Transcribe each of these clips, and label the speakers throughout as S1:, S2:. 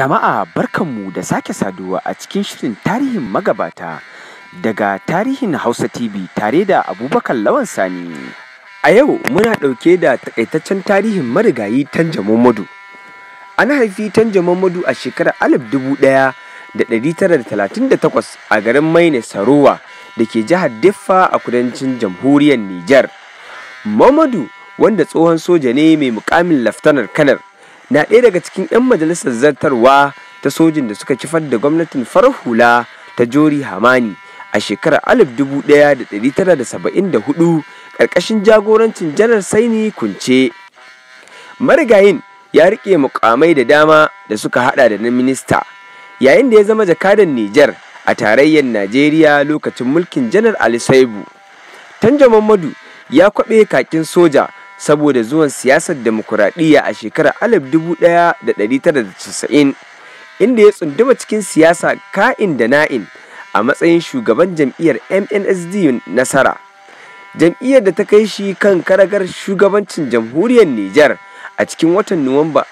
S1: Jama'a barkanmu da sake saduwa a cikin shirin tarihin magabata daga tarihin Hausa TV tare da Abubakar Lawan Sani. A yau muna ɗauke da takaitaccen tarihin marigayi Tanja Muhammadu. An haifi Tanja Muhammadu a shekarar alif dubu da da da tara talatin takwas a garin Maine Sarowa da ke jihar Diffa a kudancin jamhuriyar Nijar. Muhammadu wanda tsohon soja ne mai mukamin laftanar kanar na ɗaya daga cikin 'yan majalisar zartarwa ta sojin da suka kifar da gwamnatin farar hula ta jori hamani a shekarar 1974 ƙarƙashin jagorancin janar saini kunce marigayin ya riƙe mukamai da dama da suka hada da na minista yayin da ya zama jakadan nijar a tarayyar najeriya lokacin mulkin janar ali saibu tanja mamadu ya kwaɓe kakin soja saboda zuwan siyasar demokuraɗiyya a shekarar alif 1990 inda ya tsunduma cikin siyasa ka'in da na'in a matsayin shugaban jam'iyyar MNSD nasara. Jam'iyyar da ta kai shi kan karagar shugabancin jamhuriyar Nijar a cikin watan Nuwamba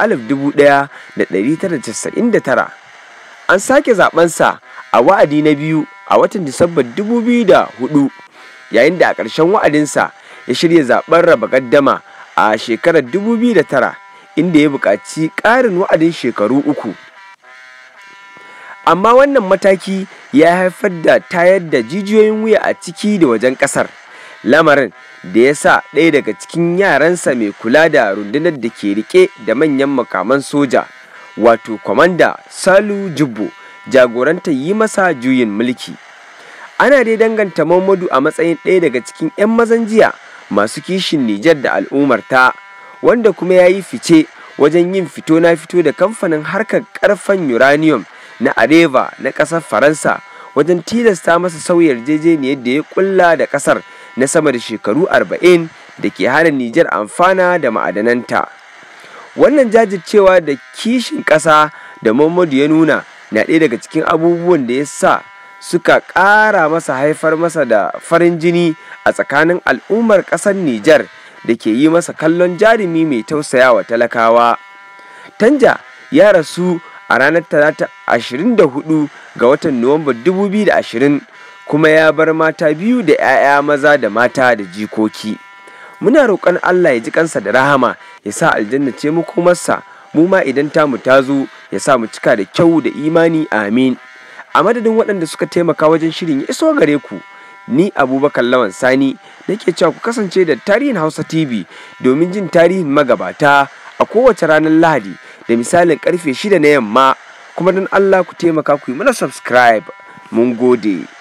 S1: tara. An sake zabensa a wa'adi na biyu a watan Disamba 2004 yayin da a ƙarshen wa'adinsa ya shirya zaben raba gaddama a shekarar 2009 inda ya buƙaci ƙarin wa'adin shekaru uku amma wannan mataki ya haifar da tayar da jijiyoyin wuya a ciki da wajen ƙasar lamarin da ya sa ɗaya daga cikin yaransa mai kula da rundunar da ke rike da manyan makaman soja wato kwamanda salu jubbo jagoranta yi masa juyin mulki ana dai danganta mamadu a matsayin ɗaya daga cikin 'yan mazan jiya masu kishin Nijar da al'ummarta wanda kuma ya yi fice wajen yin fito na fito da kamfanin harkar karfan uranium na areva na ƙasar faransa wajen tilasta masa sauya yarjejeniyar da ya kulla da ƙasar na sama da shekaru arba'in da ke hana nijar amfana da ma'adananta wannan jajircewa da kishin ƙasa da muhammadu ya nuna na ɗaya daga cikin abubuwan da ya sa suka ƙara masa haifar masa da farin jini a tsakanin al'ummar ƙasar Nijar da ke yi masa kallon jarumi mai tausayawa talakawa. Tanja ya rasu a ranar talata hudu ga watan Nuwamba 2020 kuma ya bar mata biyu da 'ya'ya maza da mata da jikoki. Muna roƙon Allah ya ji kansa da rahama ya sa aljanna ce mu makomarsa mu ma idan tamu ta zo ya sa mu cika da kyau da imani amin. a madadin waɗanda suka taimaka wajen shirin ya iso gare ku ni abubakar lawan sani nake cewa ku kasance da tarihin hausa tv domin jin tarihin magabata a kowace ranar lahadi da misalin karfe shida na yamma kuma don allah ku taimaka ku yi mana subscribe mun gode